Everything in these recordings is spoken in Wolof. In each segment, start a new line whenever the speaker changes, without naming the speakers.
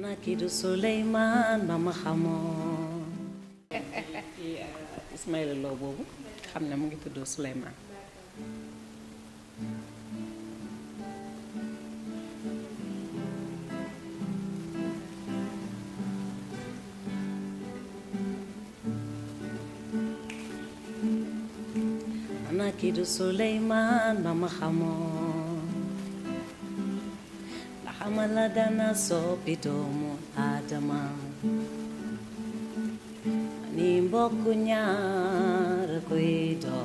nakidu Souleymane ba ma xamoon iya, Ismaïla Lo boobu xam ne mu ngi tudd Souleymane nakidu Souleymane ba ma Amaladana sopitomo adama Nimbo kunyar kuito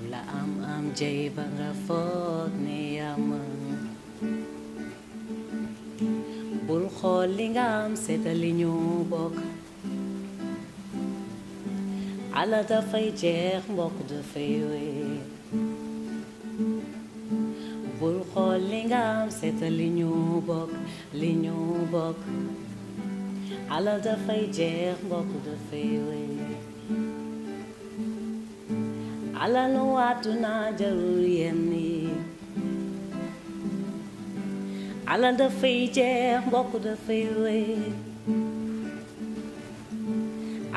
Mula am am jay banga fot ni ama Bulkholingam setali nyubok Alata fay jeh xool li nga am seetal li ñu bokk li ñu bokk alal dafay jeex mbokk dafay wéy alalu àdduna jarul yenn yi alal dafay jeex mbokk dafay wéy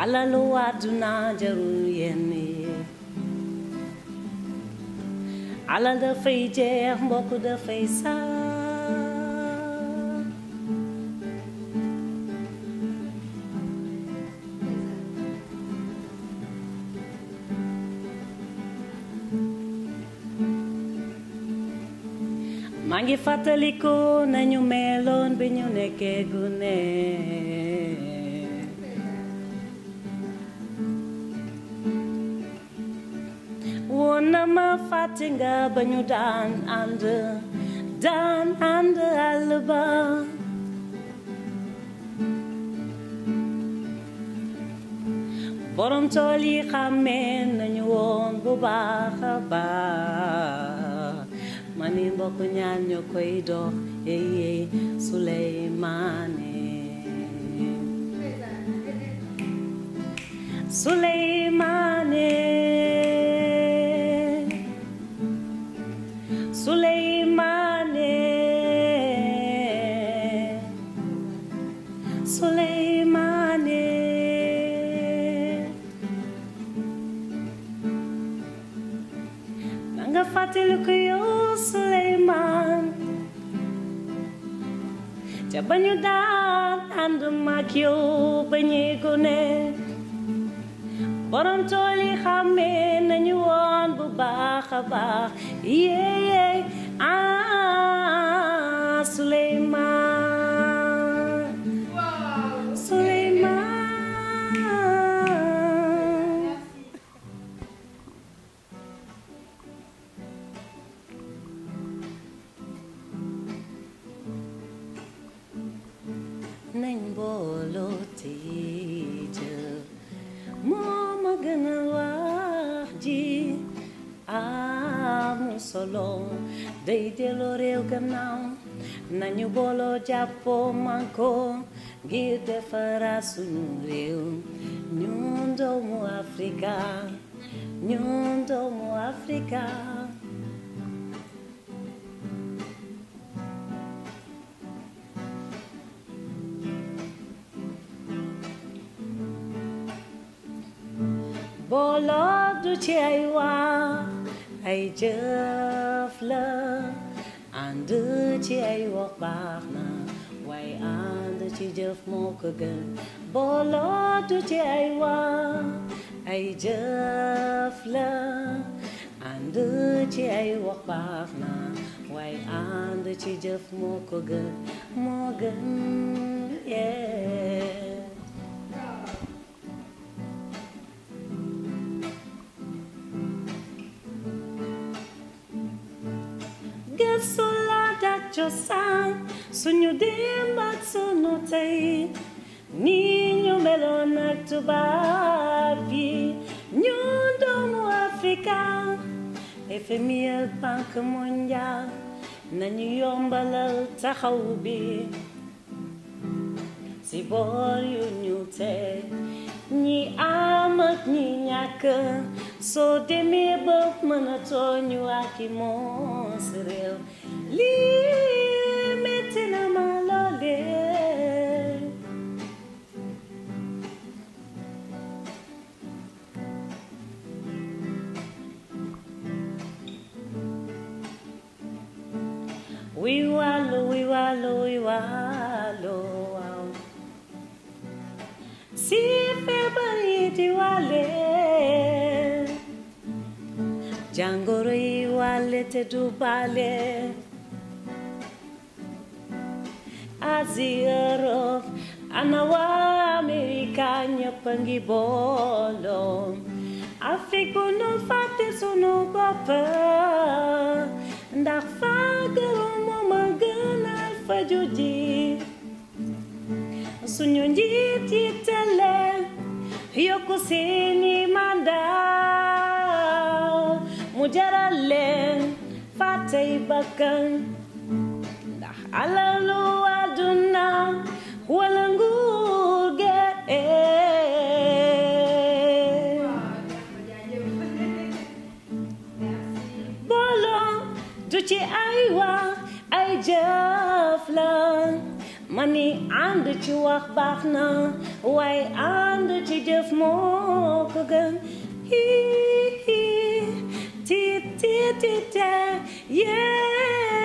alalu àdduna jarul yenn yi à la de frigière, beaucoup de faisans. Mangi fataliko na nyumelon binyuneke gune. Nama na ma fàtte nga ba ñu daan ànd daan ànd àll ba borom tool yi nañu woon bu baax a baax ma ñaan ñu dox yey yey Suleymaane Suley Süleymane Manga fatilukuyo Süleyman Cabanyo dal andumak yo banyegone Borom toli xamé nañu won bu baaxa nem bolotice. Mama ganawardi amu solo dei loreu ganau nanyu bolo japo manco gide farasu nureu nyundo mu Africa nyundo Africa booloo ci ay wax ay jëf la ànd ci ay wax baax na waaye ànd ci jëf moo ko gën booloo ci ay wax ay jëf la ànd ci ay baax na waaye ànd ci jëf moo ko gën moo Sola so loud at your side, sunyo dimba tsunote, ninyo melona tubavi, nyundomu Afrika, FML Bank Mondial, na yomba lal tahawbi, si yu nyute, ñi amat ñi ñàkk so temeba manatonyo akimosreo limetina malole We walo, we walo, we walo. Si if everybody do জাঙ্গরই ওয়ালেতে ডুবালে Azirov anawa americana pangibolo Africa no fate sono papa nda fagaro mama gana fajuji sunyonji titele sini. mujerale fate bakan alalu aduna walangu get bolong duci aiwa Ai Jafla, mani ànd ci wax baax na waaye ànd ci jëf moo ko gën dee, dee, dee, yeah.